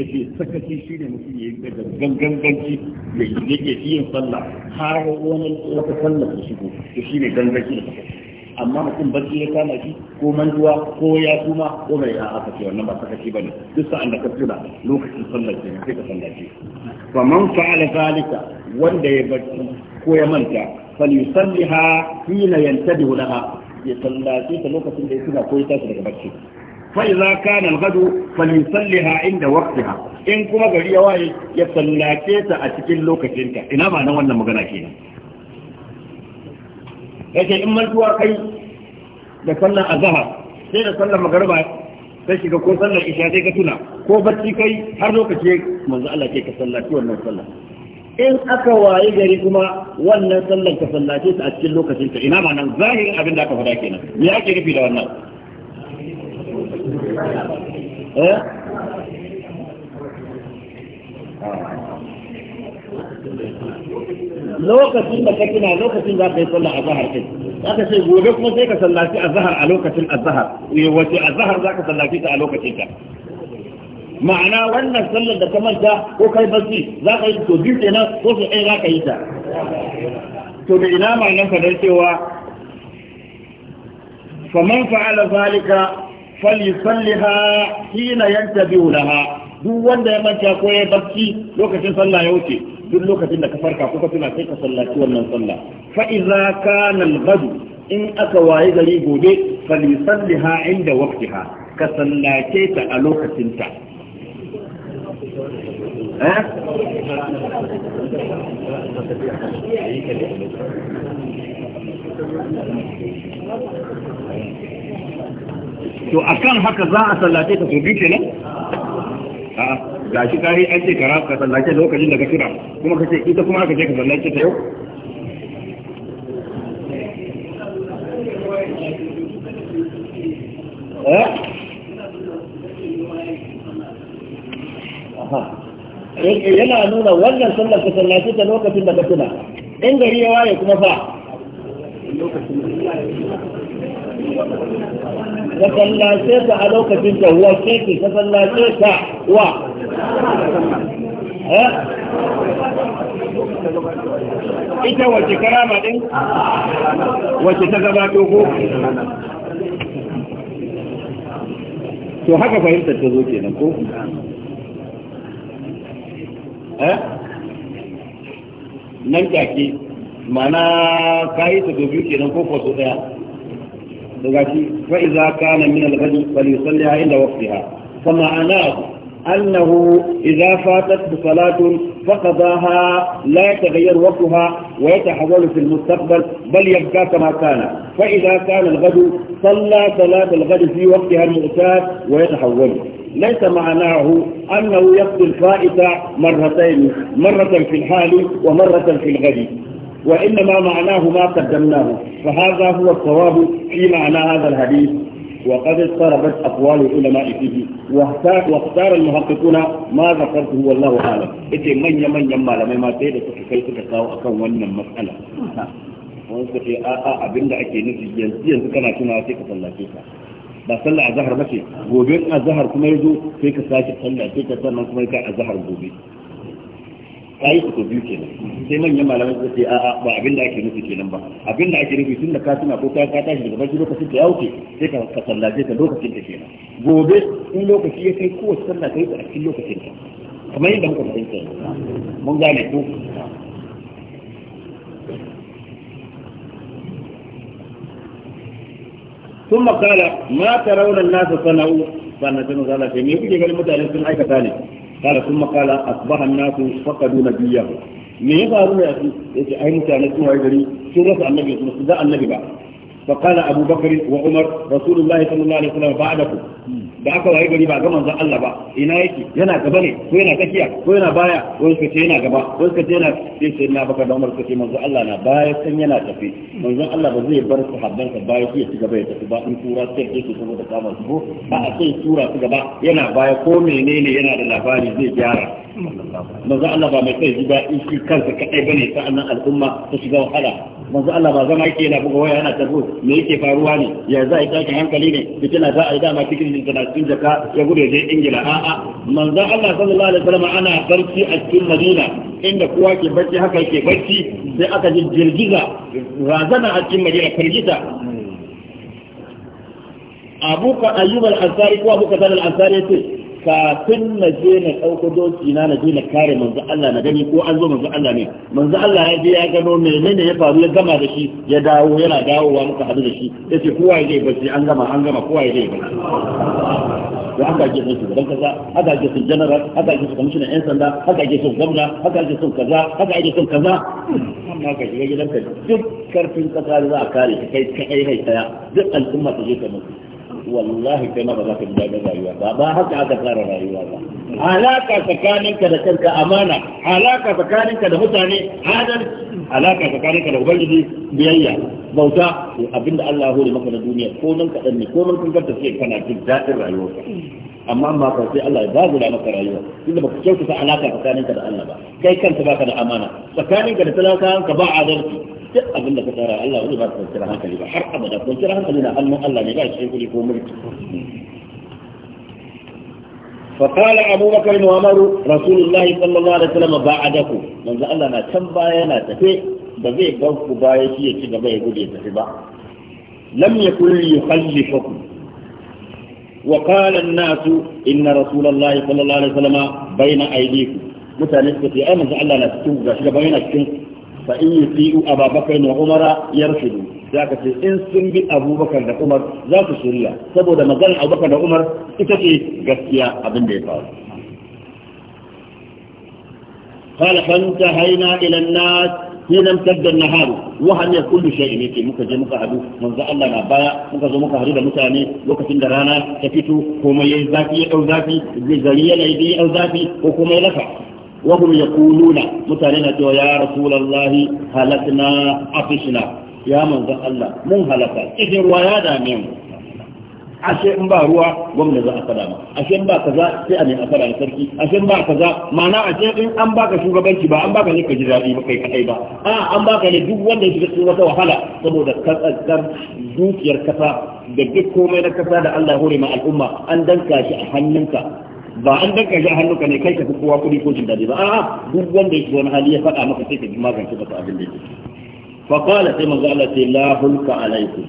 yake sakaci shi ne mutum ya yi daga ganganci ya yi yake yin sallah har wani wata falla su shigo to shi ne ganganci da sakaci amma mutum barci ya kama shi ko mantuwa ko ya kuma ko mai ya aka ce wannan ba sakaci ba ne duk sa'an da ka tuna lokacin sallar ce sai ka ce fa man fa'ala zalika wanda ya barci ko ya manta yusalliha hina yantabihu laha ya sallace ta lokacin da ya tuna ko ya tashi daga barci In kuma gari ya waye, ya sallake كما a cikin يصلاتيت أتكين لوكتينك إنا ما نوانا مغانا كينا yake in mantuwa kai da sallar azhar sai da sallar magariba sai shiga ko sallar isha sai ka tuna ko bacci kai har lokaci manzo Allah ke ka sallaci wannan sallar in aka waye gari kuma wannan sallar ka sallake ta a cikin lokacin ta ina ba nan zahirin abin da aka faɗa kenan me ake nufi da wannan Eh? lokacin da ka na lokacin za ka yi sallah a zahar kai za ka ce gobe kuma sai ka sallaci a zahar a lokacin a zahar eh, wace a zahar za ka sallaci ta a lokacin ka ma'ana wannan sallar da ka manta ko kai basi za ka yi to biyu kenan ko su ɗaya za ka yi ta to da ina ma'anar ka dan cewa faman fa'ala zalika فليصلها حين ينتبه لها duk wanda ya manta ko ya barci lokacin sallah ya wuce duk lokacin da ka farka kuka tuna sai ka sallaci wannan sallah fa idza kana al in aka waye gari gobe falisalliha inda waqtiha ka sallace ta a lokacin ta eh to a kan haka za a sallace ka sau biyu nan? a'a ga shi kai an ce kara ka sallace lokacin da ka kira kuma ka ce ita kuma aka ce ka sallace ta yau eh? yana nuna wannan sallar ka sallace ta lokacin da ka tuna, in gari ya waye kuma fa ka sallace ta a lokacin ta wa ke eh? ke ka sallace ta wa ita wace karama din wace ta gabato ko to haka fahimtar ta zo kenan ko eh? nan take mana ka yi ta biyu kenan ko kwaso daya daga shi fa iza kana min al-ghadi fal yusalli inda waqtiha fa ma'ana annahu idza fatat bi salatun فقضاها لا يتغير وقتها ويتحول في المستقبل بل يبقى كما كان فإذا كان الغد صلى صلاة الغد في وقتها المعتاد ويتحول ليس معناه أنه يقضي الفائتة مرتين مرة في الحال ومرة في الغد وإنما معناه ما قدمناه فهذا هو الصواب في معنى هذا الحديث وقد اضطربت أقوال العلماء فيه واختار المحققون ما ذكرته والله أعلم إتي من يمن يما لما ما تيد سكي سكاو أكون ونن مسألة ونسكي suka أبن a'a abin da ake nufi yanzu yanzu kana tunawa sai ka sallace ka ba sallah azhar ba ce gobe azhar kuma yazo sai kayi ku biyu kenan sai manyan malaman su ce a'a ba abin da ake nufi kenan ba abin da ake nufi tun da ka tuna ko ka ka tashi daga barci lokacin da ya wuce sai ka ka sallace ka lokacin da kenan gobe in lokaci ya kai kowace sallah kai a cikin lokacin ka kamar yadda muka fahimta mun gane ko ثم قال ما ترون الناس صنعوا فانا سنو قال في ميوكي جغل متعلم سنعي قال ثم قال أصبح الناس فقدوا نبيه me ya faru ne a su ya ai mutane sun gari sun rasa annabi sun da annabi ba فقال أبو بكر وعمر رسول الله صلى الله عليه وسلم بعدكم da aka waye gari ba ga manzon Allah ba ina yake yana gaba ne ko yana tsakiya ko yana baya ko yake ce yana gaba ko yake ce yana sai sai na baka da Umar suka ce manzon Allah na baya san yana tafi manzon Allah ba zai bar sahabban ka baya ko ya ci gaba ya tafi ba in tura sai ke su saboda kama su ba a sai tura su gaba yana baya ko menene yana da labari zai gyara manzon Allah ba mai sai ba in shi kansa kadai bane sa'annan al'umma ta shiga wahala manzon Allah ba zama yake yana buga waya yana tafi me yake faruwa ne ya za a yi tsakin hankali ne fitina za a yi dama cikin cikin jaka ya gudu je ingila a'a manzan Allah sallallahu alaihi wasallam ana barci a cikin madina inda kowa ke barci haka yake barci sai aka ji jirgiza razana a cikin madina firgita ka ayyubar ansari ko ka zalal ansari ce kafin na je na ɗauko doki na na je na kare manzo Allah na gani ko an zo manzo Allah ne manzo Allah ya je ya gano menene ya faru ya gama da shi ya dawo yana dawowa muka hadu da shi yace kowa ya zai bace an gama an gama kowa ya zai bace to haka ake son shugaban kaza haka ake son general haka ake son commissioner yan sanda haka ake son gwamna haka ake son kaza haka ake son kaza amma ka shiga gidanka duk karfin kasa za a kare kai kai kai duk al'umma ta je ta mutu wallahi kai ma ba za ka ji daɗin rayuwa ba ba haka aka tsara rayuwa ba alaka tsakaninka da kanka amana alaka tsakaninka da mutane adal alaka tsakaninka da ubangiji biyayya bauta abinda Allah ya hore maka na duniya ko nan kaɗan ne ko nan kun karta sai kana jin daɗin rayuwarka amma ma ka sai Allah ya dagula maka rayuwa inda baka kyautata alaka tsakaninka da Allah ba kai kanka baka da amana tsakaninka da talakawanka ba adalci duk abin da ka tsara Allah wani ba ka kwanciyar hankali ba har abada kwanciyar hankali na hannun Allah ne ba shi kuɗi ko mulki فقال أبو بكر وعمر رسول الله صلى الله عليه وسلم بعدكم من ذا الله كان بايا لا تفي بزي قوك بايا شيء يتشي بايا يقول يتفي لم يكن يخلفكم وقال الناس إن رسول الله صلى الله عليه وسلم بين أيديكم mutane suka ce ai manzo Allah na cikin gashi da bayyana فإن يطيئوا أبا بكر وعمر يرشدوا ذاك في إنسن بأبو بكر وعمر ذاك الشريعة سبو ده مزال أبو بكر وعمر إتكي قسيا أبن بيطار قال فانتهينا إلى الناس هنا امتد النهار وهم يكل شيء يمكن ممكن زي ممكن هدو من ذا الله نبا ممكن زي ممكن هدو مساني وقت اندرانا تكتو كوما يزاكي أو ذاكي زي زي يلعي أو ذاكي وكوما يلفع وهم يقولون متانين تو يا رسول الله هلكنا عطشنا يا من ذا الله من هلك إذن ويا دامين ashe in ba ruwa gwamna za ashe in ba kaza sai a ne a sarki ashe in ba kaza ma'ana ashe in an baka shugabanci ba an baka ne ka ji daɗi ba kai kadai ba a ne duk wanda ya shiga cikin wahala saboda kasar dukiyar kasa da duk komai na kasa da Allah hore al'umma an danka shi a hannunka ba an danka ga hannuka ne kai ka fi kowa kudi ko jin daɗi ba a'a duk wanda yake wani hali ya faɗa maka sai ka bi magance masa abin da yake fa qala sai manzo Allah sai la hulka alaikum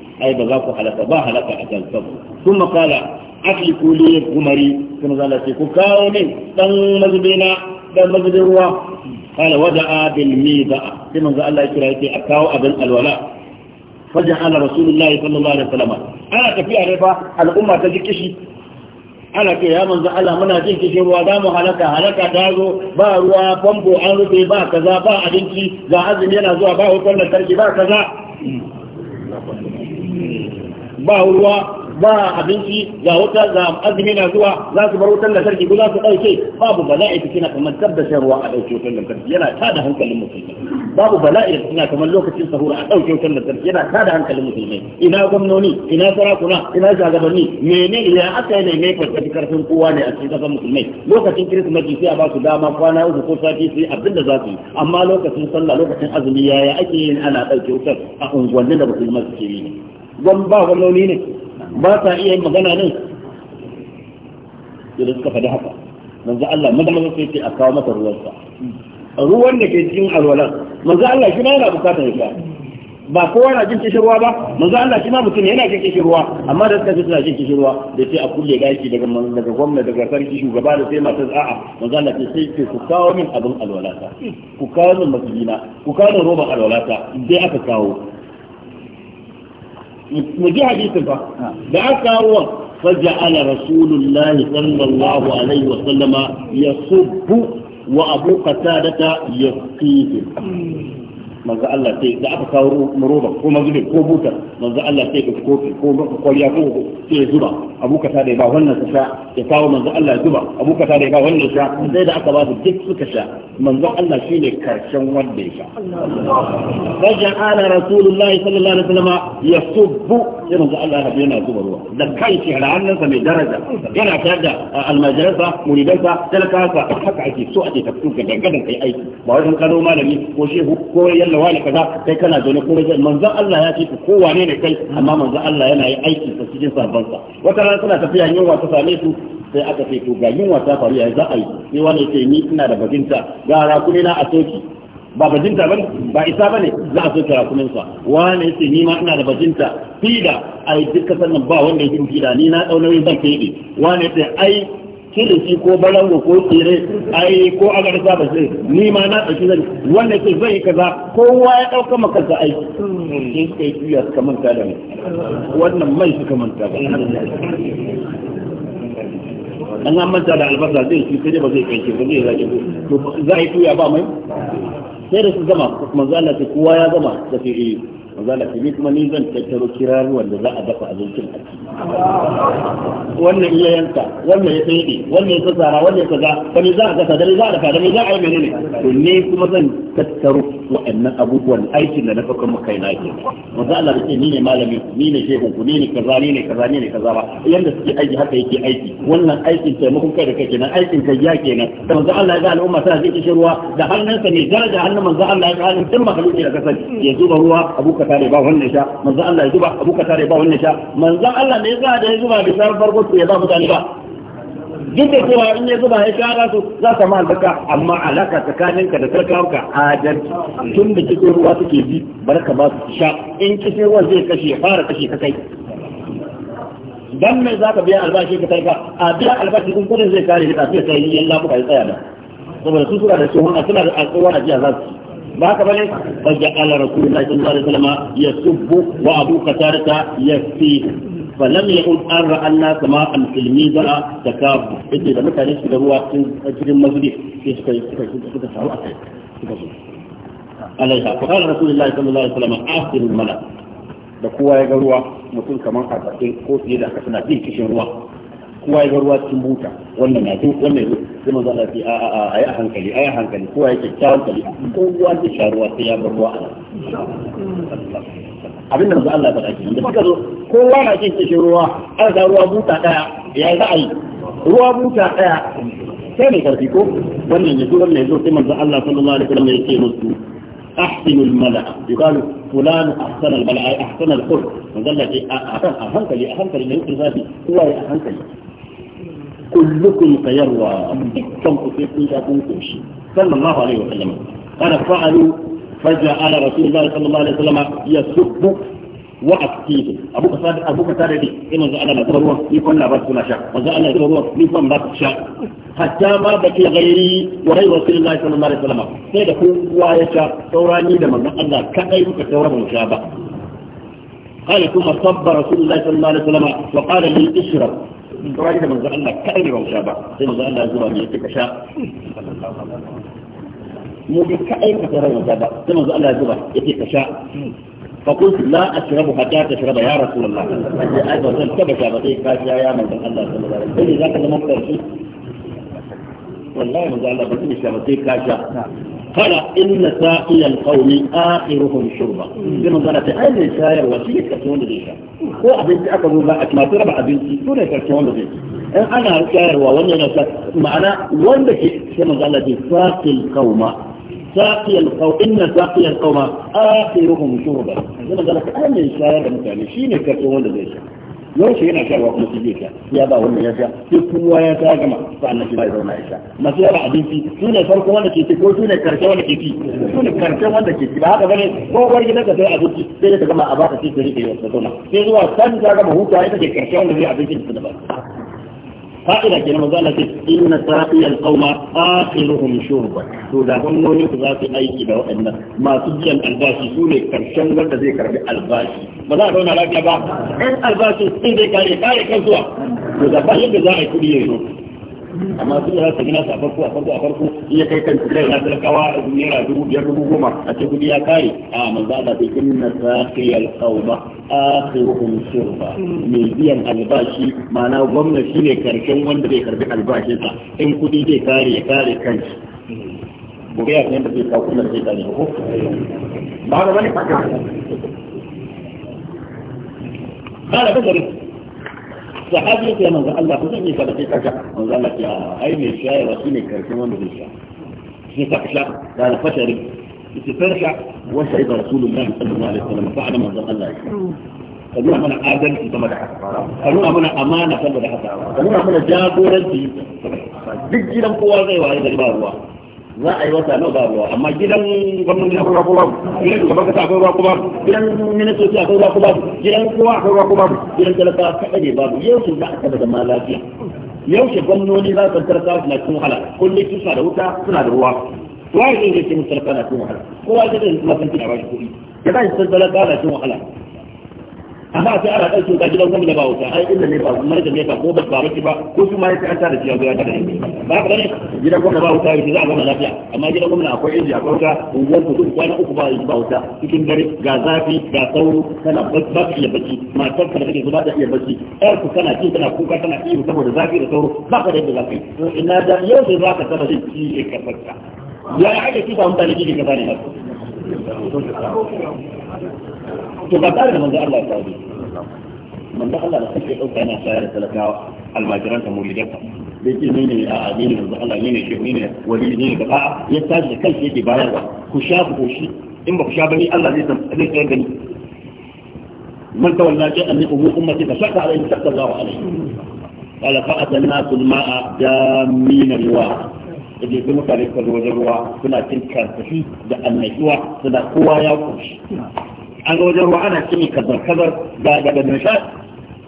za ku halaka ba halaka a kan sabu kuma qala akli kuli gumari sai manzo Allah sai ku kawo ne dan mazubina dan mazubin ruwa qala wada'a bil mida'a sai manzo Allah ya kira yake a kawo abin alwala faja'ala rasulullahi sallallahu alaihi wasallam ana tafiya ne fa al'umma ta ji kishi ana ce ya manzo Allah muna jin kishin ruwa za mu halaka halaka ta zo ba ruwa famfo an rufe ba kaza ba abinci ga azumi yana zuwa ba da lantarki ba kaza ba ruwa ba abinci ga wuta ga azumi na zuwa za su bar wutar lantarki ko za su ɗauke babu bala'i da kina kamar tabbata ruwa a ɗauke wutar lantarki yana tada hankalin musulmi babu bala'i da kina kamar lokacin sahura a ɗauke wutar lantarki yana tada hankalin musulmi ina gwamnoni ina sarakuna ina shagabanni menene ya aka yi ne mai fasafi karfin kowa ne a cikin kasar musulmai lokacin kirismeti sai a ba su dama kwana uku ko sati sai abin da za su yi amma lokacin sallah lokacin azumi yaya ake yin ana ɗauke wutar a unguwannin da musulmai suke yi ne gwamnati ba gwamnoni ne ba sa iya magana ne da suka faɗi haka manzo Allah maza maza sai ce a kawo masa sa ruwan da ke cikin alwalan manzo Allah shi ma yana bukatar ya ba kowa na jin ruwa ba manzo Allah shi ma mutum yana jin ruwa amma da suka suna jin ruwa da sai a kulle gashi daga daga gwamnati daga sarki shugaba da sai masu a'a manzo Allah ke sai ke ku kawo min abin alwalata ku kawo min masjidina ku kawo min roban alwalata dai aka kawo mu ji hadisin fa ah. دعكاوا فجعل رسول الله صلى الله عليه وسلم يصب وابو قتاده يقيه manzo Allah sai da aka kawo roba ko mazubin ko butar manzo Allah sai ka kofi ko kwariya ko sai ya zuba abuka ta da ba wannan ta sha ya kawo manzo Allah ya zuba abuka ta da ba wannan sha sai da aka ba su duk suka sha manzo Allah shine karshen wanda ya sha faja'ala rasulullahi sallallahu alaihi wasallam yasubbu sai manzo Allah ya yana zuba ruwa da kai shi hannunsa mai daraja yana tare da almajiransa muridansa talakawa haka ake so ake tafsir ga dangadan kai aiki ba wajen kano malami ko shehu ko yana jalla wani kaza kai kana zaune ne kuma manzon Allah ya ce ko wane ne kai amma manzon Allah yana yi aiki sa cikin sabon sa wata rana suna tafiya yin ta same su sai aka ce to ga yin ta faru ya za a yi sai wani ce ni ina da bajinta ga rakuni na a soki ba bajinta bane ba isa bane za a soke rakunin sa wani yace ni ma ina da bajinta fida ai duka sannan ba wanda yake fida ni na dauna yin zan ne wani yace ai kilishi ko barango ko tsire ai ko agarsa ba sai ni ma na tsaki zan wanda ke zai kaza kowa ya dauka maka da aiki sai suka yi tuya suka manta da mu wannan mai suka manta ba ne an manta da albasa zai shi kaje ba zai kai shi ba zai zai to za tuya ba mai sai da su zama manzo Allah ce kowa ya zama da fi zala ta kuma ni zan tattaro kiraruwan da za a dafa abincin a ciki wannan iya yanka wannan ya tsaye wannan ya tsara wannan ya kaza da ni za a gasa da ni za a dafa da ni za a yi menene to ne kuma zan tattaro waɗannan abubuwan aikin da na ɗaukar maka na ke manzo Allah ya ce ni ne malami ni ne shehu ku ni ne kaza ni ne kaza ni ne kaza ba yanda suke aiki haka yake aiki wannan aikin taimakon kai da kai kenan aikin kai ya kenan da manzo Allah ya ga al'umma sai zai kishi ruwa da hannunsa ne daraja hannun manzo Allah ya ga hannun duk mahaluki da kasar ya zuba ruwa abu ka tare ba wannan sha manzo Allah ya zuba abu ka tare ba wannan sha manzo Allah ne ya ga da ya zuba da sarar farko ya ba mutane ba duk da cewa in ya zuba ya shara su za su ma albarka amma alaka tsakaninka da sarkawarka adalci tun da cikin ruwa suke bi barka ba su sha in cikin ruwa zai kashe fara kashe ka kai dan mai za ka biya albashi ka taifa, a biya albashi kun kudin zai kare ka sai sai yan lafuka ya tsaya da saboda su suna da tsohon suna da alƙawarin jiya za su ba haka bane fa ja'ala rasulullahi sallallahu alaihi wasallam yasubbu wa abu ya fi. falam yahud an ra'anna kama an filmi bara da kafu yace da mutane su da ruwa cikin cikin masjid sai suka suka suka taru a kai suka zo alaiha fa qala rasulullahi sallallahu alaihi wasallam afir mala da kowa ya ga ruwa mutum kamar arba'in ko fiye da haka suna kishin ruwa kowa ya ga ruwa cikin buta wannan na duk a a ayi a hankali a hankali ya hankali sai ya bar ruwa a abin da Allah ya faɗa kenan da suka zo kowa na jin kishin ruwa an ga ruwa buta daya ya za a yi ruwa buta daya sai mai karfi ko wannan ya zo wannan ya zo sai manzo Allah sallallahu alaihi wasallam ya ce musu أحسن الملأ يقال فلان أحسن الملأ أحسن الخلق نقول لك أهنك لي أهنك لي يمكن هذه هو أهنك لي كلكم سيروى كم أصيبكم شاكم كوشي صلى الله عليه وسلم قال فعلوا فجعل رسول الله صلى الله عليه وسلم يسب وأكيد أبو كساد أبو كساد دي إن زعل الله يكون لا بس ولا شاء وزعل الله يكون بس شاء حتى ما بكي غيري وغير رسول الله صلى الله عليه وسلم سيدا هو يشاء ثوراني لما الله كأي كثورة مشابه قال ثم صب رسول الله صلى الله عليه وسلم وقال لي اشرب ثوراني لما الله كأي مشابه سيد الله زواني يتكشاء mu dai kadai ka tarar da ba sai manzo Allah ya zuba yake ka sha فقلت لا أشرب حتى تشرب يا رسول الله أجي أيضا تبكى بطيء فاشا يا من كان الله صلى الله عليه وسلم ذاك لم أكثر والله ما الله بطيء شبطيء فاشا قال إن ساقي القوم آخرهم شربا لما قال تعالى الشاعر وسيلة كرتون لديها هو أبنتي أكبر ما أكمل ربع أبنتي دون كرتون لديها أنا شاعر وأنا معنى وين بكي كما قال ساقي القوم ساقي القوم إن ساقي القوم آخرهم شربا عندما لك أنا شاعر مثالي شين كتون ليش لو شين كتون مثالي يا باو يا شا يكون ويا تاجما فأنا شو بايدو ما يشا ما في أحد بيجي شين صار كمان كي تقول شين كرتون كي تي شين كرتون كي تي بعد ذلك هو ورجع لك ده أقول كي ده تجمع أباك كي تري كي يوصلونا في الوقت كان جاكم هو تاجي كرتون كي أبيك تدبر قائلة كنا مزالة إن ترقي القوم آخرهم شربا سودا هم نوني تغاطي أي كده وإن ما تجي الألباشي سوني كرشن وانت ذي كربي الباشي بلا رونا لك يا بابا إن الباسي سيدي كاري كاري كنسوا وإذا بحيب ذا أكل يجو amma duk da haka nasa a farko a farko a farko in ya kai kan turai na talakawa naira dubu biyar dubu goma a ce kudi ya kare a manzo Allah bai kin na saqiyal qawma akhiruhum shurba mai biyan albashi ma'ana gwamnati shine karshen wanda zai karbi albashinsa in kudi zai kare ya kare kanshi gobe ya kan da zai kawo kuma zai kare ko ba ga wani fata قال بشر الصحابي يا من قال لك خذني صدقتك من قال لك يا عين الشاي وسيني كرتمان بالشاي شفتك شاك قال فشري استفرشا وسعد رسول الله صلى الله عليه وسلم فعلا من قال لك خلونا من آدم في طمد حتى خلونا من أمانة في طمد حتى خلونا من جابورة في طمد حتى بجي لم قوى غيوة هذا الله za a yi wata nawa ba ruwa amma gidan gwamnati akwai ruwa ko gidan gaban akwai ruwa ko gidan ministoci akwai ruwa ko gidan kowa akwai ruwa ko gidan talaka kaɗa ne babu yau za a taɓa zama lafiya yau shi gwamnoni za su tarka na cikin wahala kullum suna da wuta suna da ruwa ruwa ne zai ce musu tarka cikin wahala kowa zai zai masanci a bashi kuɗi ya ba shi tarka na cikin wahala amma sai ana ɗauke ka gidan gwamna ba wuta ai inda ne ba kuma da ne ba ko ba ba ba ko kuma ya an tada ciya zuwa kada ba ka ne gidan gwamna ba wuta yake za a gama lafiya amma gidan gwamna akwai inji akwai wuta unguwar ku duk kwana uku ba ba wuta cikin dare ga zafi ga sauro kana ba ka iya bacci matar ka da kake zuba da iya bacci ɗan ku kana ci kana kuka kana iyo saboda zafi da sauro ba ka da yadda za ka yi ina da yau sai za ka taba zai ci ka farka ya ake kifa mutane kike ka bani haka تقدرنا من ذا الله يتعودي من ذا الله يتعودي أوكينا شاهدة لك المجران تموليجاتا بيتي مين الأعادين من ذا الله مين الشيخ مين وليدين بقاء يتاج لكل شيء بارغة خشاب خشي إما خشابني الله ليس يدني من تولى جاء من أبو أمتي فشك عليه شك الله عليه قال فأتنا كل ماء جامين الواقع yaje sai mutane suka zo wajen ruwa suna cin karfafi da annashuwa suna kowa ya koshi an ga wajen ruwa ana cin kazar kazar da da da nishaɗi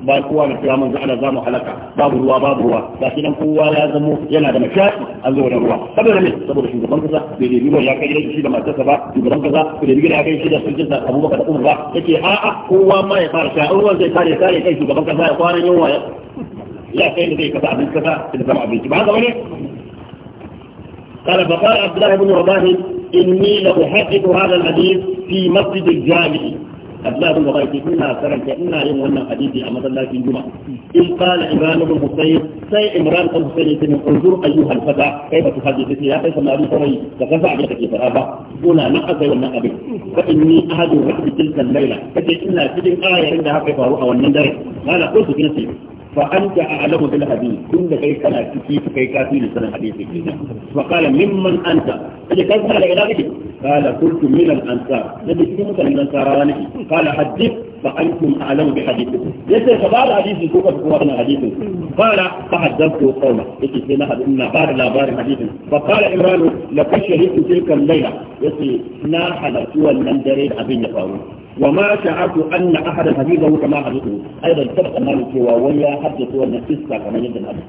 ba kowa na kira manzo ana zamu halaka babu ruwa babu ruwa ga shi nan kowa ya zamo yana da nishaɗi an zo wajen ruwa saboda me saboda shugaban kasa bai da ruwa ya kai gidan shi da matarsa ba shugaban kasa bai da gidan ya kai shi da sulkin sa Abubakar da Umar ba yake a'a kowa ma ya fara sha'an ruwan zai kare kare kai shugaban kasa ya kwana yunwa ya kai da zai kasa abin kasa da zama abinci ba haka bane قال فقال عبد الله بن رباه إني لأحقق هذا الحديث في مسجد الجامع عبد الله بن رباه كنا كرمت إنا يوم أن حديثي أما الله في الجمعة إذ قال عمران بن حسين سي عمران بن حسين انظر أيها الفتى كيف تحدثك يا كيف ما أبي سوي فكفى عليك كيف أبا هنا نقص ولا أبي فإني أهد الرحب تلك الليلة فكي إنا في آية عندها كيف أروح والنندر قال قلت في نفسي فأنت أعلم بالحديث كل شيء كان في كي كافي لسنة حديث كلنا فقال ممن أنت اللي كان على علاقتي قال قلت من الأنصار الذي كنت من الأنصار قال حدث فأنتم أعلم بحديثه ليس فبعض حديث في كوفنا حديث قال فحدثت قوما إيش لنا حدثنا بار لا بار حديث فقال إمران لقد شهدت تلك الليلة يسي نا حدث ولا ندري أبين يفعلون وما شعرت أن أحد حديثه كما حدثه أيضا سبق أن سوى ويا حدث ان القصة كما ان حدث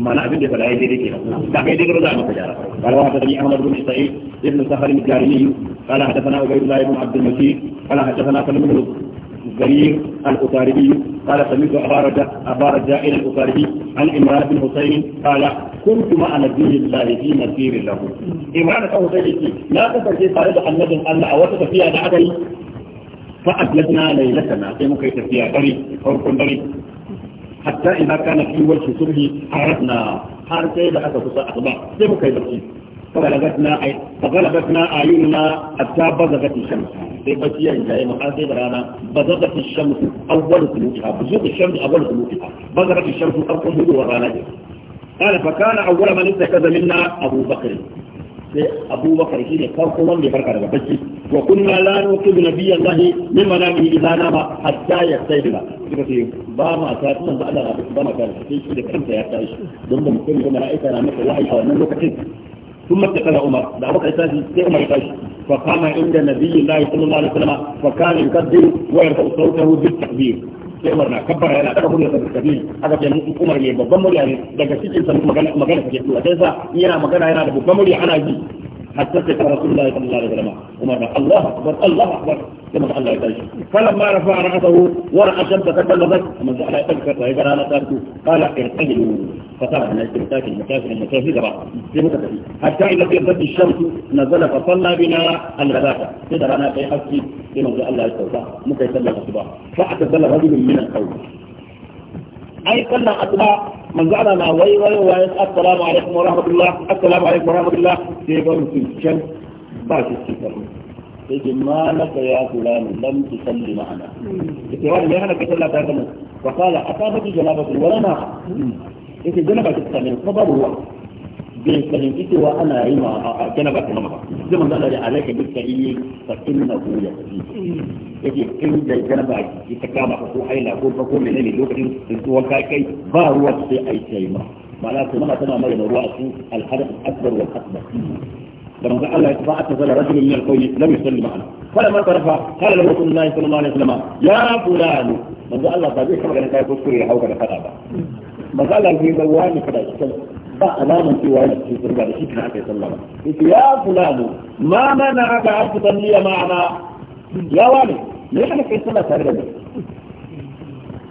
ما نعبد ذلك فلا يدري كده لا يدري كده قال وحدثني أحمد بن إسرائيل ابن سهل الجارمي قال حدثنا عبيد الله بن عبد المجيد قال حدثنا سلم بن الزرير الأطاربي قال سمعت أبا رجاء أبا رجاء الأطاربي عن امراه بن حسين قال كنت مع نبي الله في مسير له امراه بن حسين لا تفرجي قال عن أن اوثق فيها دعتي فأدلجنا ليلتنا في مكيتة فيها بري فرق بري حتى إذا كان في وجه سره عرفنا حارس إذا أتى تساء أخبار في مكيتة فغلبتنا أي فغلبتنا أعيننا حتى بزغت الشمس في إيه بسيا جاي محاسب إيه رانا بزغت الشمس أول سلوكها بزغت الشمس أول سلوكها بزغت الشمس أول سلوكها ورانا قال فكان أول من اتكذ منا أبو بكر إيه؟ أبو بكر shi ne farko wanda ya بكر وكنا لا نوقظ نبي الله من منامه اذا نام حتى يستيقظ suka ce ba ma ta نبي ba Allah ba ma ta sai shi da kanta ya tashi don ba mutum da mala'ika na masa wahayi a wannan lokacin ثم اتقل عمر ده بقى تاجي عمر تاجي فقام عند نبي الله صلى الله عليه وسلم فكان يكبر ويرفع صوته بالتكبير عمر ما كبر هنا ده كله بالتكبير هذا كان عمر يبقى بمر يعني ده كان cikin sa magana magana take to sai sa yana magana حتى ذكر رسول الله صلى الله عليه وسلم عمر الله اكبر الله اكبر كما قال الله تعالى فلما رفع راسه وراى الشمس تكلمت ومن جعل يتذكر فاذا انا تركه قال ارتجلوا فصار من الاستمساك المساجد المساجد هجرة في مكتب حتى اذا ابتدت الشمس نزل فصلى بنا الغداة اذا انا في حسي كما قال الله تعالى متى يسلم الصباح فاعتزل رجل من القوم ai sallan asuba manzo Allah na wai wai wai assalamu alaikum wa rahmatullah assalamu alaikum wa rahmatullah sai ga mutum can ba shi cikin sai ce ma ya sai wani hana ka sallah ta kana babu ruwa bai fahimci cewa ana yi ma a kana ba kuma ba sai manzo Allah ya alaika bi kai fa inna hu ya yake in da kana ba ki ta kama ko haila ko ko menene lokacin tsuwa kai kai ba ruwa sai ai sai ma معناته لما تنا مريم الرأس الحدث الأكبر والأكبر لما قال الله فاعتزل رجل من القوم لم يسلم عنه فلما اعترف قال له رسول الله صلى الله عليه وسلم يا فلان من قال الله فبيك كما كان يقول كل حوكا فلا من قال الله في بواني فلا يسلم فأمام في وعيد في الضربة لشيكنا عليه الصلاة يا فلان ما منع أن أعبد معنا يا والي ليش أنا كيف سنة سابقا بي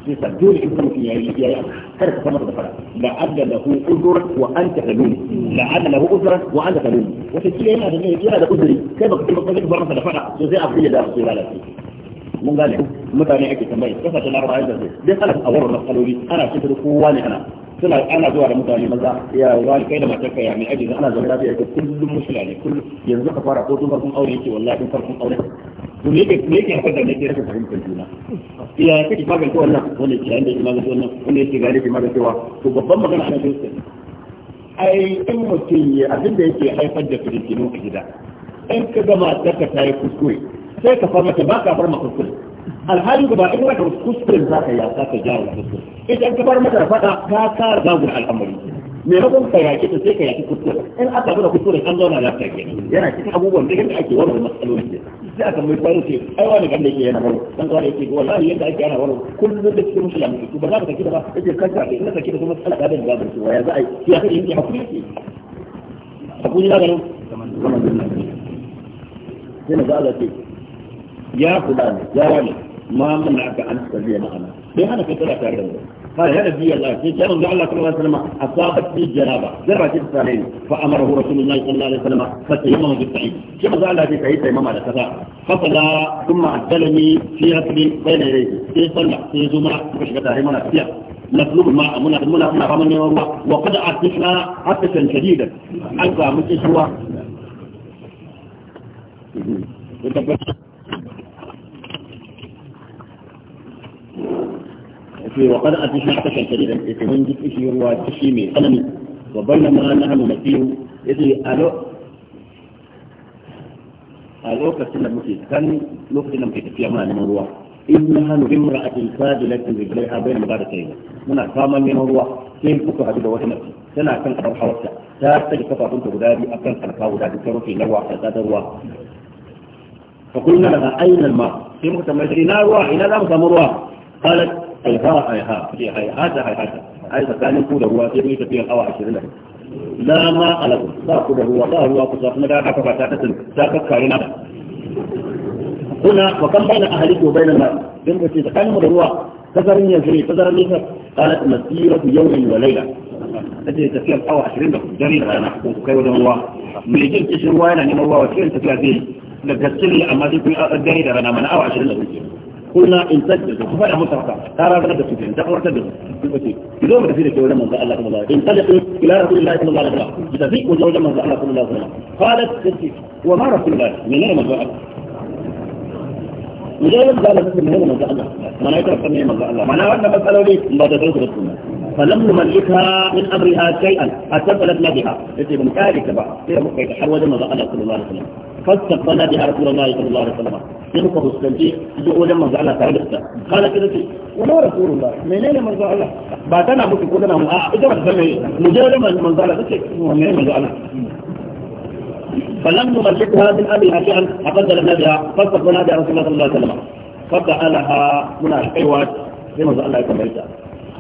يسجل إبن في يعيش يا يا كرك سمر دفرة لعد له أذر وأنت تلوم لعد له أذر وأنت تلوم وفي كل يوم هذا أذري كيف أقول لك برنسة دفرة جزيء أفضل دار في ذلك mun gane mutane ake tambayi kasa ta larabawa yadda zai dai ana awar matsaloli ana cikin kowa ne ana suna ana zuwa da mutane maza ya wani kai da matar kai mai aji ana zama lafiya ko kullum mushkila ne kullum yanzu ka fara ko tun farkon aure yake wallahi tun farkon aure to me yake me yake haifar da nake rashin fahimtar juna ya kake magance wannan wanda ke yayin da ke magance wannan wanda yake gane ke magancewa to babban magana ana cikin ai in mutum ya abin da yake haifar da firginu a gida in ka gama ta ta yi kuskure sai ka farmata ba ka farma kuskure alhali ba in mata kuskuren za ka yi za ka gyara kuskure idan ka farmata da faɗa ka kara zagun al'amari me rabon ka yaki ta sai ka yaki kuskure in aka zo da kuskure an zauna lafiya ke yana cikin abubuwan da yadda ake warware matsaloli ke sai aka mai faru ce ai wani ganda yake yana warware dan kawai yake ga wallahi yadda ake yana warware kullum da cikin musulmi ba za ka saki da ba yake kanta da ina saki da kuma matsala da da gaban cewa ya za a yi ya kai yake hakuri hakuri na ganin kamar da nan sai na ga ce يا فلان يا ولد ما منعك أن تستجيب معنا ليه أنا كنت لا تعلم قال يا نبي الله في كان الله صلى الله عليه وسلم أصابت في جنابة جربة الثانين فأمره رسول الله صلى الله عليه وسلم فاتهمه بالسعيد كما قال في سعيد تيمم على كذا فصلى ثم عدلني في ركب بين يديه في صلى في زمرة مشكلة هيمنة فيها نطلب الماء منا منا منا غمنا وقد عطشنا عطشا شديدا ألقى مش في وقد أتي حتى كثيرا إتمنى في رواد كشيمي قلمي وبينما نحن نسير إذي ألو ألو كسنا مسيس كان لفتنا في تسيما عن مروح إنها نجم رأة الفاجلة رجليها بين مباركين من أقاما من مروح كيف تكون هذه الوحنة سنة كانت أبو حوصة تاستجد فقط أنت غدابي أبقى أنت غدابي كروفي نروع كتاد رواح فقلنا لها أين الماء في مرتبة مجرين نروع إلى الأرض مروح قالت أيها لا ما ألم لا كود هو لا هو قصة ما دعك هنا وكم بين أهلك وبين الناس جنب في كان مدروا تزر يجري تزر ليك قالت مسيرة يوم وليلة أجل تفيا أو عشرين جري أنا وكيف هو من يجي تشوي أنا نموا وكيف تفيا ذي لك تسلي أما ذي في أنا من أو دقيقه قلنا ان تجدوا فلا مترفع ترى بلد في تقوى في يوم تفيد في ولم الله صلى الله عليه انطلق الى رسول الله صلى الله عليه وسلم تفيق وجه من الله صلى الله الله وسلم قالت وما رسول الله من اين من الله مجرد قال من اين من الله من يترفع من الله معناه ان مساله لي ما تدرس رسول الله فلم يملكها من امرها شيئا حتى ما بها يجي من ذلك بقى في مكه تحول ما بقى صلى الله عليه وسلم فاستقبل بها رسول الله صلى الله عليه وسلم ينقض مكه يقول لما زعل تعبت قال كده وما رسول الله منين من زعل بعد انا ممكن كنا انا اه اذا مجرد من زعل من اين من زعل آه، فلم يملكها من امرها شيئا حتى بلغنا بها فاستقبل بها رسول الله صلى الله عليه وسلم فقالها من الحيوات لما ما الله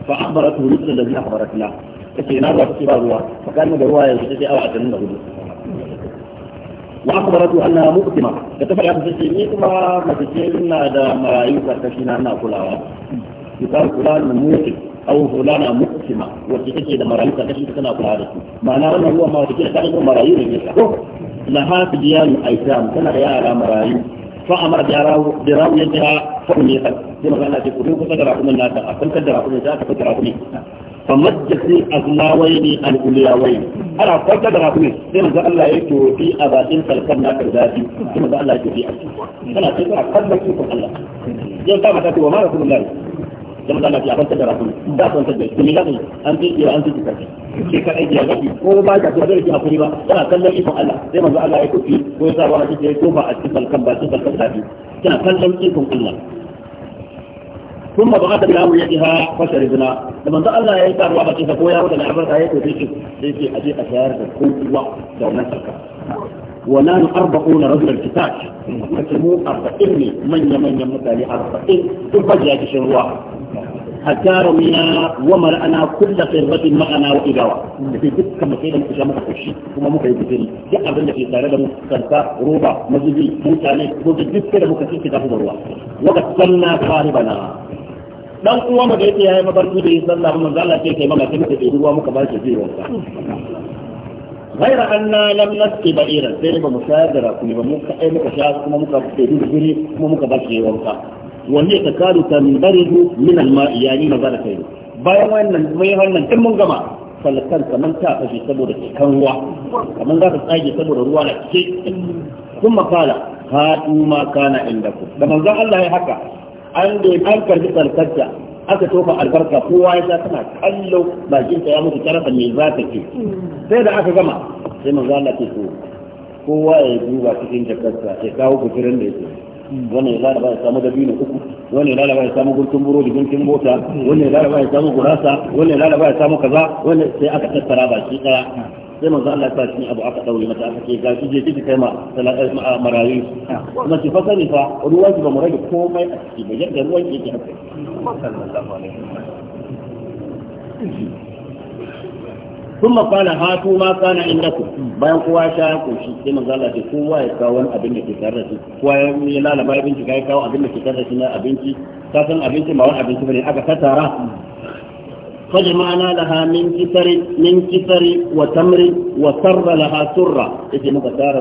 فأخبرته مثل الذي أخبرتنا تكي نابع تصير روا فكان من رواية تكي أو عشرين هدو وأخبرته أنها مؤتمة كتفل عن تسيني كما ما تسيني هذا ما يوكر كشينا أنا كلها يقال فلان من مؤتم أو فلانة مؤتمة وتكي إذا ما مرايوك كشينا أنا كلها معناه أنه هو ما تكي لتعلم مرايوك لها في ديان أيتام كان يا مرايوك فأمر براويتها فأميقت كما قال في كتب فقدر عقم الناس فقدر عقم الناس فقدر عقم فمجسي أغلاوين الأولياوين أنا فقدر عقم لما قال الله يكتب في أباتين فلقدنا كرداتي كما قال الله يكتب في أباتين فلا تقدر قد لك الله يلتابت وما رسول الله da mutane ke abantar da rafi da su wantar da su ne zaɓi an fi iya an fi jika shi ka aiki ya zaɓi ko ba ka kuma zai hakuri ba tana kallon ikon Allah sai manzo Allah ya kufi ko ya sa wa hadisi ya tofa a cikin salkan ba cikin salkan zaɓi tana kallon ikon Allah ثم بغت الى رؤيتها فشربنا لما ان الله يا يسار وابا كيف قويا ولا العبر ايته في في اجي اشار قوه دونتك ونحن أربعون رجل الكتاب فكمو أربعين من يمن يمتالي أربعين تبجي أجي شروع hatta ramina wa kulla kullu qirbatin ma'ana wa idawa da ke dukkan mu sai da muka muka kushi kuma muka yi gudun duk abin da ke tare da mu kanta roba mazubi mutane ko duk da muka tafi da ruwa wa qasanna qaribana dan uwa mu da yake yayi mabarki da yin sallah mun zalla ce kai mamakin da ruwa muka ba shi zai wanka غير أننا لم نسقي بئيرا سيرب مسادرة كل ممكن أي مكشاف كما ممكن تدور بري كما ممكن بشي ومكا وهي تكاد تنبرد من الماء يعني ما ذلك يعني bayan wannan mai wannan din mun gama sallakan kaman ta saboda cikan ruwa kaman za ta tsage saboda ruwa na cike sun mafala haɗu ma kana inda ku da manzon Allah ya haka an da an karbi sarkarta aka tofa albarka kowa ya tana kallo bakin ta ya mutu tarafa me za ta ce sai da aka gama sai manzo Allah ke so kowa ya duba cikin jakarta ya kawo gudurin da yake wannan ya lalaba ya samu dabino uku wannan ya lalaba ya samu guntun burodi guntun mota wannan ya lalaba ya samu gurasa wannan ya lalaba ya samu kaza wannan sai aka tattara baki daya sai manzo Allah ya cikin abu aka daure mata aka ce gashi je kiki kai eh, ma marayu kuma ki fasani fa ruwa ki ba mu rage komai a ciki ba yadda ruwan yake haka sallallahu alaihi wasallam ثم ma هاتوا inda ku. bayan kowa ya sha koshi sai manzo Allah ce kowa ya kawo wani abin da ke tare da shi kowa ya lalaba abinci ka kai kawo abin da ke tare da shi na abinci ka san abinci ba wani abinci bane aka tattara فجمعنا لها من كسر من كسر وتمر وسر لها سرة يجي muka tara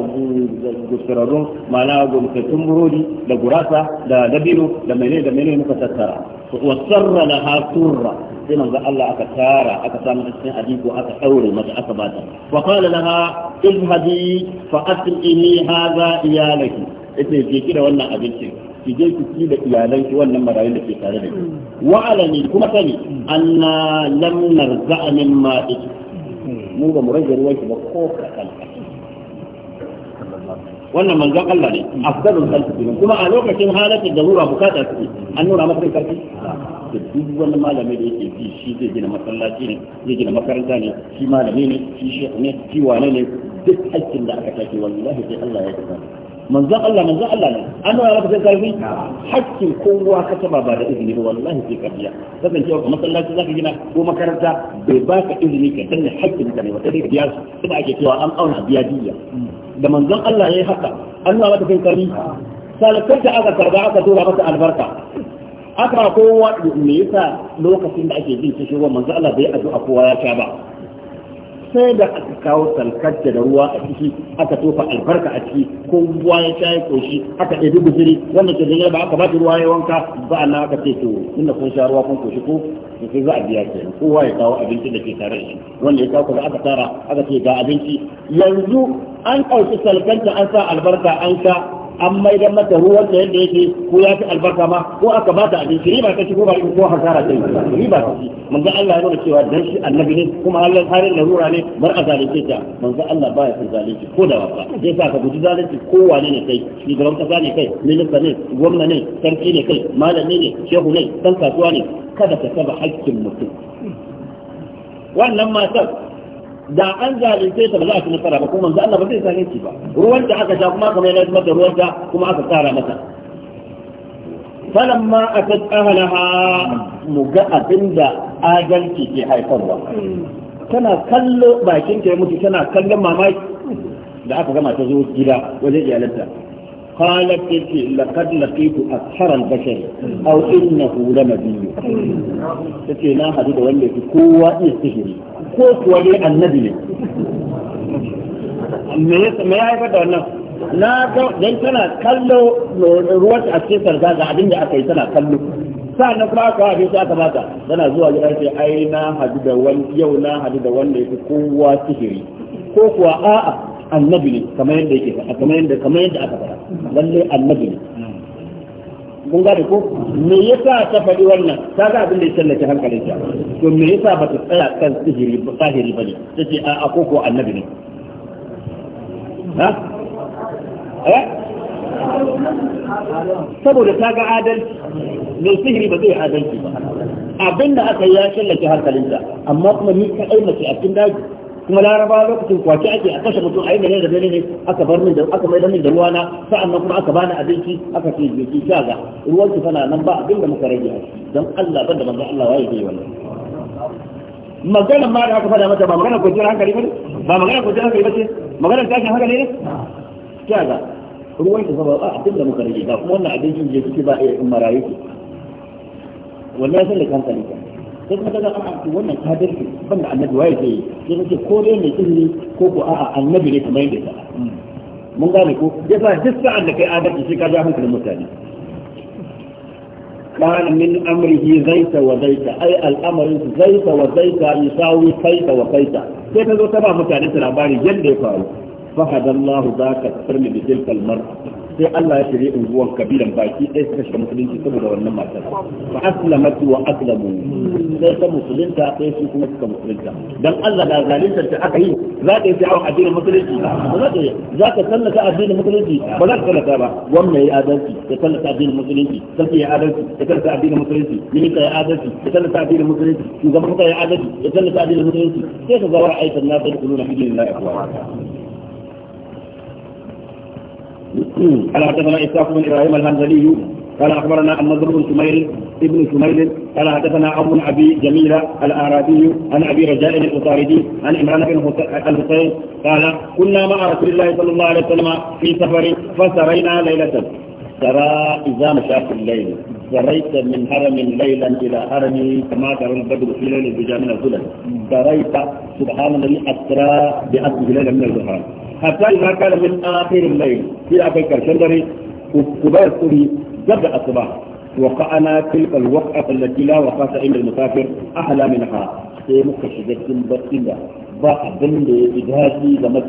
gusararrun ma'ana gumfetun burodi da gurasa da dabino da mene da mene muka tattara wa sarra laha surra sai manzo Allah aka tara aka samu cikin adiko aka daure mata aka bata wa qala laha izhadi iyalaki da wannan abincin ki je ki ci da iyalan ki wannan marayun da ke tare da ki wa alani kuma sani anna lam narza min ma ma'ik mu ba mu rage ruwan ki ba ko kadan wannan manzon Allah ne afdalul khalqi kuma a lokacin halatin da ruwa bukata su an nuna maka karfi da duk wani malami da yake bi shi zai gina masallaci ne zai gina makaranta ne shi malami ne shi shi ne shi wane ne duk hakkin da aka take wallahi sai Allah ya tabbata manzan Allah manzan Allah ne an nuna maka sai karfi hakkin kowa ka taba ba da izini ba wallahi sai karfiya kasan cewa masallaci zaka gina ko makaranta bai ba ka izini ka danna hakkin mutane ba sai biya su kuma ake cewa an auna biya diya da manzan Allah yayi haka an nuna maka sai karfi salakar da aka karba aka tura masa albarka aka kowa me yasa lokacin da ake jin kishin manzan Allah bai addu'a kowa ya sha ba sai da aka kawo salkacce da ruwa a ciki aka tofa albarka a ciki kowa ya sha koshi aka ɗebi guzuri wanda ke da ba aka ba ruwa ya wanka ba Allah aka ce to inda kun sha ruwa kun koshi ko to sai za a biya ke kowa ya kawo abinci da ke tare da shi wanda ya kawo kuma aka tara aka ce ga abinci yanzu an ɗauki salkanta an sa albarka an sha an mai da mata ruwan da yadda yake ko ya fi albarka ma ko aka bata abinci riba ta ci ko ba ko hasara ta yi riba ta ci ga Allah ya nuna cewa dan shi annabi ne kuma Allah harin larura ne bar a zalunce ta ga Allah baya son zalunci ko da wasa zai sa ka guji zalunci ko wane ne kai shugaban kasa ne kai minista ne gwamna ne sarki ne kai malami ne shehu ne dan kasuwa ne kada ka taba haƙƙin mutum wannan matar da an zalunce ta ba za a ci nasara ba kuma manzo Allah ba zai sake ci ba ruwan da aka sha kuma kamar yana mata ruwan da kuma aka tsara mata falamma atat ahlaha muga abinda adalci ke haifarwa tana kallo bakin ta ya mutu tana kallon mamaki da aka gama ta zo gida wajen iyalanta قالت تلك لقد لقيت أكثر البشر أو إنه لنبي تلك لا حدود ولا في قوة السحري ko kuwa ne annabi ne me ya haifar da wannan na ga dan tana kallo ruwan a cikin sarga ga abin da aka yi tana kallo sannan kuma aka haɗe su aka bata tana zuwa gida ce ai na hadu da wani yau na hadu da wanda yake kowa sihiri ko kuwa a'a annabi ne kamar yadda yake kamar yadda kamar yadda aka fara lalle annabi ne kun gane ko me yasa ta faɗi wannan ta ga abin da ya tallace hankalin ta to me yasa ba ta tsaya kan sihiri ba sahiri bane ce a koko annabi ne ha eh saboda ta ga adalci mai sihiri ba zai adalci ba abin da aka yi ya tallace hankalin ta amma kuma ni ka aimake a cikin daji kuma laraba lokacin kwace ake a kashe mutum a yi mene da mene ne aka bar min da aka mai da min da ruwana sa'annan kuma aka bani abinci aka ce ki sha ga ruwan ki tana nan ba abin da muka rage dan Allah banda manzo Allah waye zai wannan magana ma da aka fada mata ba magana kwanciyar hankali ba ba magana ko kwanciyar hankali ba ce magana shi hankali ne sha ga ruwan ki ba abin da muka rage ba kuma wannan abincin je kike ba iya eh, in marayu ki wannan sai da hankali ka sai ka ga a'a to wannan kafirci banda annabi waye ke yi sai kace ko dai mai ilimi ko ko a'a annabi ne kamar yadda ta mun gane ko yasa duk sa'an da kai adalci sai ka ja hankalin mutane كان من أمره زيت وزيت أي الأمر زيت وزيت يساوي كيت وكيت كيف تبع متعنيت العباري جل فهد الله ذاك السرم بتلك المرأة sai Allah ya shirye unguwar kabilan baki ɗaya suka shiga musulunci saboda wannan matar fa aslamatu wa aslamu sai ta musulunta ɗaya su kuma suka musulunta dan Allah da zalintar ta aka yi za ka yi da'awar addinin musulunci ba za ka za ka sallata addinin musulunci ba za ka sallata ba gwamna ya adalci ya sallata addinin musulunci sarki ya adalci ya sallata addinin musulunci minista ya adalci ya sallata addinin musulunci shugaban ka ya adalci ya sallata addinin musulunci sai ka ga wa aikin na sai kullu na bidin la ikhwa قال حدثنا إسحاق بن إبراهيم الهنزلي قال أخبرنا النضر بن سمير ابن سمير قال حدثنا أبو أبي جميل الأعرابي عن أبي رجاء الأطاردي عن عمران بن الحسين قال كنا مع رسول الله صلى الله عليه وسلم في سفر فسرينا ليلة سرى إذا مشى الليل دريت من هرم ليلا إلى هرم كما ترى البدر في ليل البجاء من الزلل سريت سبحان الذي أسرى بأسره ليلا من الظهر حتى إذا كان من آخر الليل في آخر كالشندري كبار سوري قبل الصباح وقعنا تلك الوقعة التي لا وقعة إلا المسافر أحلى منها سيمك شجرة shiga cikin barkin da ba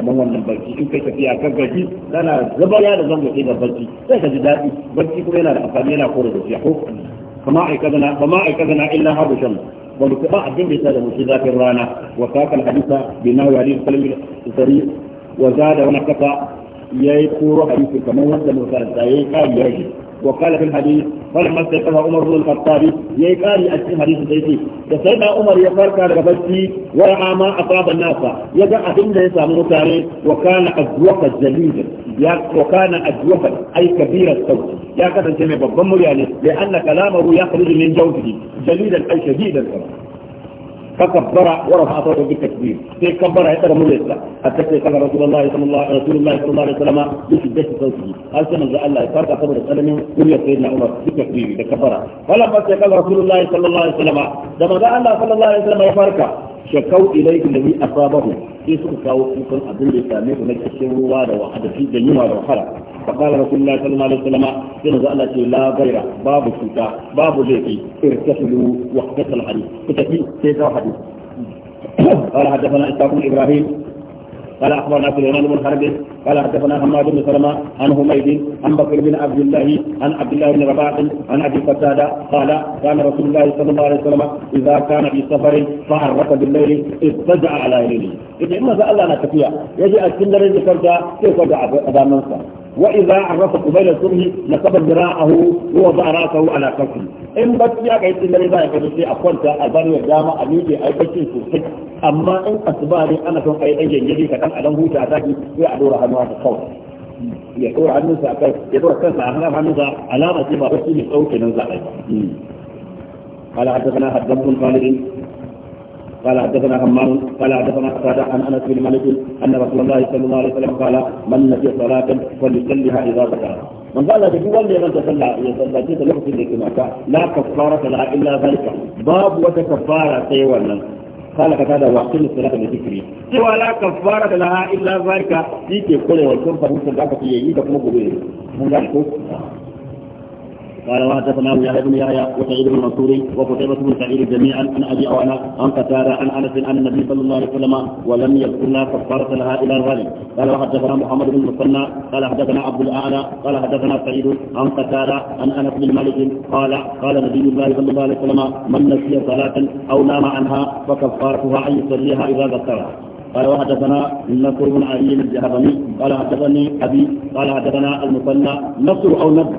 kamar wannan barci in kai tafiya kan gaji kana zabara da zan mutu da barci sai ka ji daɗi barci kuma yana da amfani yana kore da ko kama aikazana kama aikazana illa habu shan wanda kuma abin da ya da mutu zafin rana wa sakal hadisa bi nahu hadis kalmi sari wa zada wa nakata yayi koro hadisi kamar wanda musa da yayi kai yaji وقال في الحديث فلما استيقظ عمر بن الخطاب يقال في حديث الذي فسيدنا عمر يقال كان غبتي ورعى ما أصاب الناس يدعى أبن ليس مكاري وكان أجوفا جليلا وكان أجوفا أي كبير الصوت يا كذا جميع ببن يعني لأن كلامه يخرج من جوفه جليلا أي شديدا فكبر ورفع صوته بالتكبير كيف كبر يقدر مليسا حتى كان رسول الله صلى الله عليه رسول الله صلى الله عليه وسلم بشدة صوته هل سمع الله يفرق قبر السلم كل سيدنا عمر بالتكبير تكبر فلما قال رسول الله صلى الله عليه وسلم لما قال الله صلى الله عليه وسلم يا يفرق shakau ilaihi da ni asabahu sai suka kawo kukan abin da ya same su na cikin ruwa da wahala da yunwa da wahala fa qala rasulullahi sallallahu alaihi wasallam sai manzo Allah ce la gaira babu cuta babu laifi irtasilu wa qasal hadith ku tafi sai ga hadith قال حدثنا إسحاق بن إبراهيم قال اخبرنا سليمان بن حرب قال حدثنا حماد بن سلمه عن حميد عن بكر بن عبد الله عن عبد الله بن رباح عن ابي قتاده قال كان رسول الله صلى الله عليه وسلم اذا كان في سفر فحرك بالليل اضطجع على يمينه. اذا اما الله انا تفيا يجي السنه اللي فرجع كيف فرجع وإذا عرف قبيل الصبح نصب ذراعه ووضع رأسه على كفه إن بس يا كيس إن رضا يقول لي أقولت أبان يجامع أميدي أي بشي سوحك أما إن أصباري أنا كنت أي أي جنجي فكان أدم هو تعتاكي ويعدور يقول عن يدور كيف يقول كيف أخنا عن عنوسا على ما بشي يسعوك ننزع قال حدثنا حدثنا خالد قال حدثنا همام قال حدثنا قتادة عن انس بن مالك ان رسول الله صلى الله عليه وسلم قال من نسي صلاة فليصليها اذا ذكر من قال لك هو اللي من تصلى يصلى تلك الوقت الاجتماع لا كفارة لها الا ذلك باب وتكفارة سيولا قال كذا واقيم الصلاه بذكري سوى لا كفاره لها الا ذلك فيك كل والكفر مثل ذاك في يجيك مقبول من ذلك قال وحدثنا مجاهد بن يحيى وسعيد بن منصور وقتيبة بن سعيد جميعا عن ابي اوانا عن قتادة عن انس عن النبي صلى الله عليه وسلم ولم يذكرنا كفارة لها الى الغالب قال وحدثنا محمد بن المثنى قال حدثنا عبد الاعلى قال حدثنا سعيد عن قتادة عن انس بن مالك قال قال نبي الله صلى الله عليه وسلم من نسي صلاة او نام عنها فكفارتها ان يصليها اذا ذكرها قال وحدثنا نصر بن علي الجهضمي قال حدثني ابي قال حدثنا المثنى نصر او نبي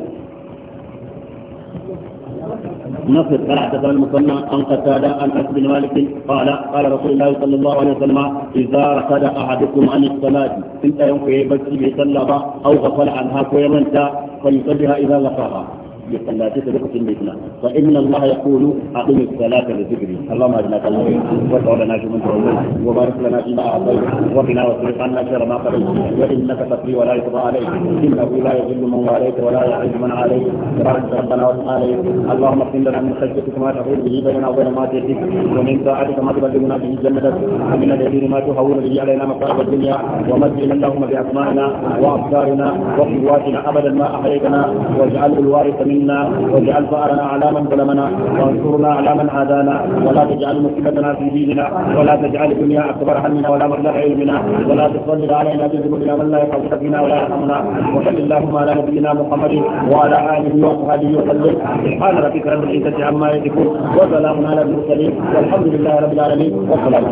نصر قال حدثنا المثنى عن قتادة عن أنس بن مالك قال قال رسول الله صلى الله عليه وسلم إذا رقد أحدكم عن الصلاة أنت يوم في بكي بيصلى أو غفل عنها كويمنتا فليصلها إذا غفاها يصلاتك لك بيتنا فإن الله يقول أقم الصلاة لذكري اللهم أجنا كالله وارفع لنا من تولي وبارك لنا فيما أعطيت وقنا واصرف عنا شر ما قبلت وإنك تقضي ولا يقضى عليك إنه لا يذل من عليك ولا يعز من عليك تبارك ربنا وتعالى اللهم اغفر لنا من خشيتك ما تحول به بيننا وبين ما تهديك ومن طاعتك ما تبلغنا به جنتك ومن اليمين ما تهون به علينا مصائب الدنيا ومجد اللهم بأسمائنا وأبصارنا وقواتنا أبدا ما أحييتنا واجعله الوارث منا منا واجعل ثارنا على من ظلمنا وانصرنا على من عادانا ولا تجعل مصيبتنا في ديننا ولا تجعل الدنيا اكبر همنا ولا مبلغ علمنا ولا تسلط علينا بذنوبنا من لا يخافك فينا ولا يرحمنا وصل اللهم على نبينا محمد وعلى اله وصحبه وسلم سبحان ربك رب العزه عما يصفون وسلام على المرسلين والحمد لله رب العالمين والسلام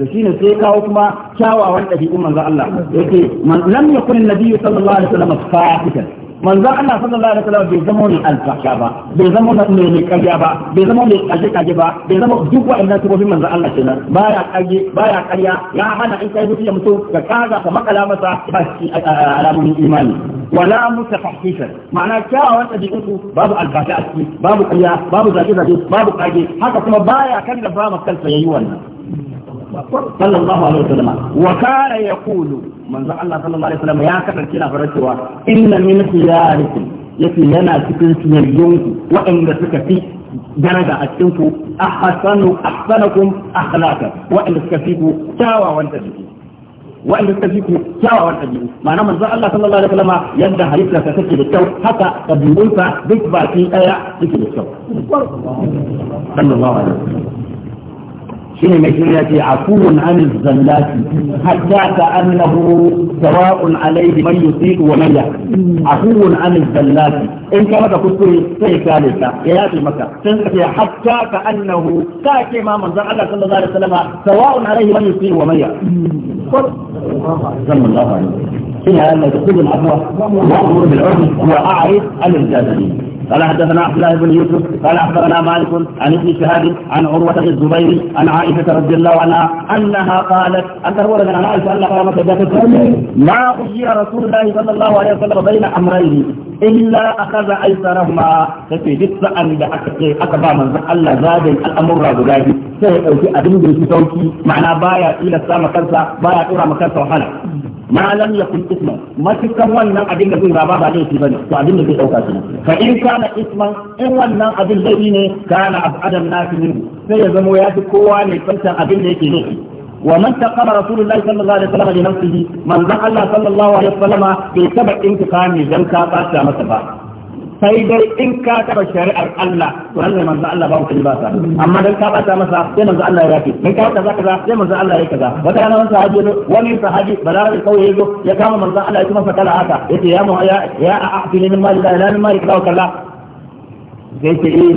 to shine sai kawo kuma kyawawan ɗabi'un manzo Allah yake lam yakun annabi sallallahu alaihi wasallam fakitan manzo Allah sallallahu alaihi wasallam bai zama mai alfasha ba bai zama mai mai karya ba bai zama mai kaje kaje ba bai zama duk wa'annan tubobin manzo Allah kenan baya kaje baya karya ya hana in kai mutum ya mutu ka kaga ka makala masa alamun imani wala mutafahhisan ma'ana kyawawan dabi'u babu alfasha a ciki babu karya babu zage zage babu kaje haka kuma baya kan da ba kansa yayi wannan صلى الله عليه وسلم وكان يقول من زعل الله صلى الله عليه وسلم يا كفر كنا فرشوا إن من خيارك يكي لنا سكن سنريونك وإن لسك في درجة أتنك أحسن أحسنكم أخلاقا وإن لسك فيك تاوى وانت وإن لسك فيك تاوى وانت فيك ما نعم من زعل الله صلى الله عليه وسلم يدى حريف لك سكي بالتو حتى تبنيك بيت باكي أيا سكي بالتو صلى الله عليه وسلم شيء عفو عن الزلات حتى كأنه سواء عليه من يصيب ومن يأتي عفو عن الزلات إن كما تقول في ثالثة في مكة حتى كأنه كأتي ما من صلى الله عليه وسلم سواء عليه من يصيب ومن يأتي صلى الله عليه وسلم فيها أن تقول العفو وأمر بالعرف وأعرف عن الزلات قال حدثنا عبد الله بن يوسف قال اخبرنا مالك عن ابن شهاب عن عروه بن الزبير عن عائشه رضي الله عنها انها قالت ان هو من عائشه ان قامت ما خير رسول الله صلى الله عليه وسلم بين امرين إلا أخذ أيسرهما ففي جثة أن أكبر من الله زاد الأمر رابو جاي سيء في أدن بن سوكي معنى بايا إلى السامة كرسة بايا إلى مكرسة وحالة ما لم يكن اسما ما تكون من أدن بن رابا بني في بني فأدن بن سوكاتنا فإن كان اسما إلا من أدن بني كان أبعد الناس منه سيزم ويادي كواني فلسا أدن بن سوكي ومن تقر رسول الله صلى الله عليه وسلم لنفسه من ذا الله صلى الله عليه وسلم في سبع انتقام لم تقع سامسبا سيدي إن كاتب شريعة الله وأن من ذا الله بابك لباسا أما ذا كاتب سامسا سيما ذا الله يراكي من كاتب ذا كذا سيما ذا الله يكذا وكان من صحابي ومن صحابي بلا رأي قوي يجو يكام من ذا الله يتما فتلا آتا يتي يا مهيا يا أعطي لنما لله لا نما يكذا وكلا زيتي إيه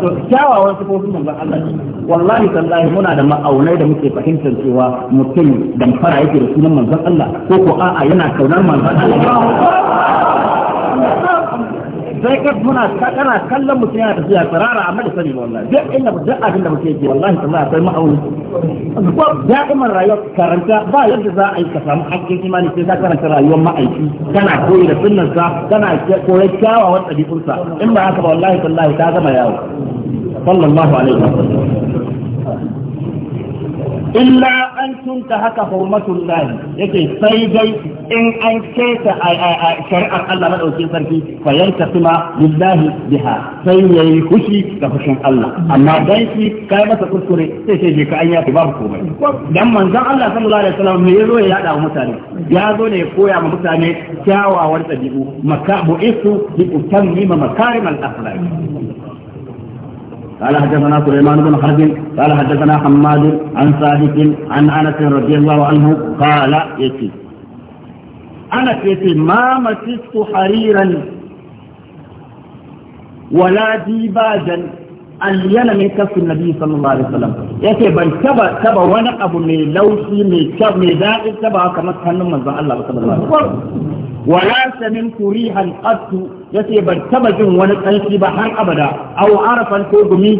to kyawawan sifofin manzon Allah wallahi tallahi muna da ma'aunai da muke fahimtar cewa mutum damfara yake da sunan manzon Allah ko ko a'a yana kaunar manzon Allah sai ka tuna kana kallon mutum yana tafiya tsirara amma da sani wallahi duk inda duk abin da mutum yake wallahi kuma akwai ma'auni ko da'iman rayuwar karanta ba yadda za a yi ka samu hakkin imani sai ka karanta rayuwar ma'aiki kana koyi da sa kana koyar kyawawan ɗabi'unsa in ba haka ba wallahi tallahi ta gama yawo sallallahu alaihi wasallam illa an tunta haka hurmatun lahi yake sai dai in an keta shari'ar Allah na ɗaukin sarki fa kuma lillahi biha sai yayi kushi da fushin Allah amma dan shi kai masa kuskure sai sai je ka an yafi babu komai dan manzon Allah sallallahu alaihi wasallam ne yazo ya yada mutane ya zo ne ya koya ma mutane kyawawan dabi'u makabu isu bi utammima makarimal akhlaq قال حدثنا سليمان بن حرب قال حدثنا حماد عن ثابت عن انس رضي الله عنه قال يتي انس يتي ما مسست حريرا ولا ديباجا alyana min kafin nabi sallallahu alaihi wasallam yace ban taba taba wani abu mai laushi mai kyau mai daɗi taba kamar hannun manzon Allah sallallahu alaihi wasallam wala samin turihan qattu yace ban taba jin wani kanshi ba har abada aw arafan ko gumi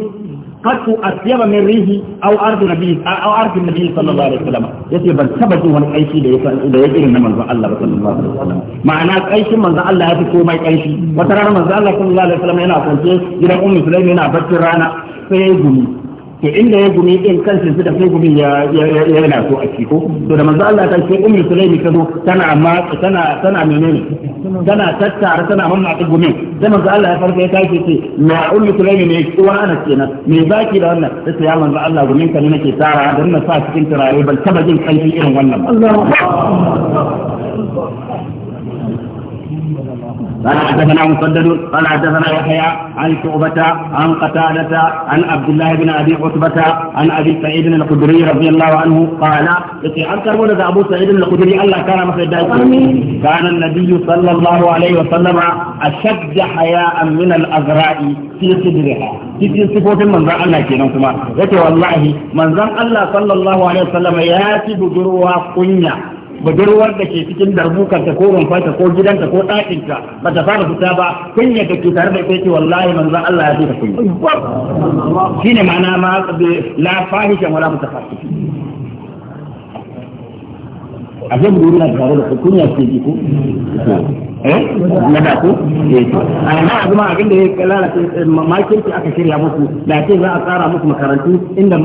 qatu asyaba min rihi aw ardu nabi aw ardu nabi sallallahu alaihi wasallam ban taba jin wani kaishi da yake da yake irin na manzon Allah sallallahu alaihi wasallam Allah ya fi komai kaishi wata rana manzon Allah sallallahu alaihi wasallam yana kwance gidan ummu sulaimi yana baccin rana sai to inda ya gumi din kansa suka sai gumi ya yana so a ciko to da manzo Allah ta ce ummu sulaimi tazo tana amma tana tana menene tana tattara tana mamma ta gumi da manzo Allah ya farka ya tashi ce na ummu sulaimi ne uwa ana kenan me baki da wannan sai ya manzo Allah gumin ka ne nake tara dan na sa cikin turare ban taba jin kanshi irin wannan ba قال حدثنا مسدد قال حدثنا يحيى عن شعبة عن قتادة عن عبد الله بن أبي عتبة عن أبي سعيد الخدري رضي الله عنه قال أن كربون أبو سعيد الخدري الله كان مسجدا كان النبي صلى الله عليه وسلم أشد حياء من الأغراء في صدرها في صفوف من ذا الله كنا كما والله من ذا الله صلى الله عليه وسلم ياتي بجروها قنيا budurwar da ke cikin darbukanta ko ta ko gidanta ko ɗakinta ba ta fara fita ba kunya da ke tare da kai ce wallahi manzon Allah ya ce ta kunya shine ma'ana ma la fahisha wala mutafassiq a da yana tare da kunya ce ki ko? eh na da ku eh amma a zama abin da ya lalata eh, makin ki aka shirya muku da ce za a tsara muku makarantu inda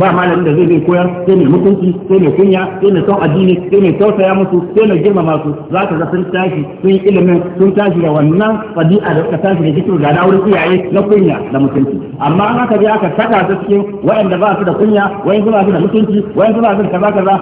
ba malamin da zai zai koyar sai ne mutunci sai ne kunya sai ne son addini sai ne tausaya musu sai ne girmama su za ka ga sun tashi sun yi ilimin sun tashi da wannan fadi'a da suka tashi da jikin da na wurin iyaye na kunya da mutunci amma an aka je aka saka su cikin waɗanda ba su da kunya waɗanda ba su da mutunci waɗanda ba su da kaza kaza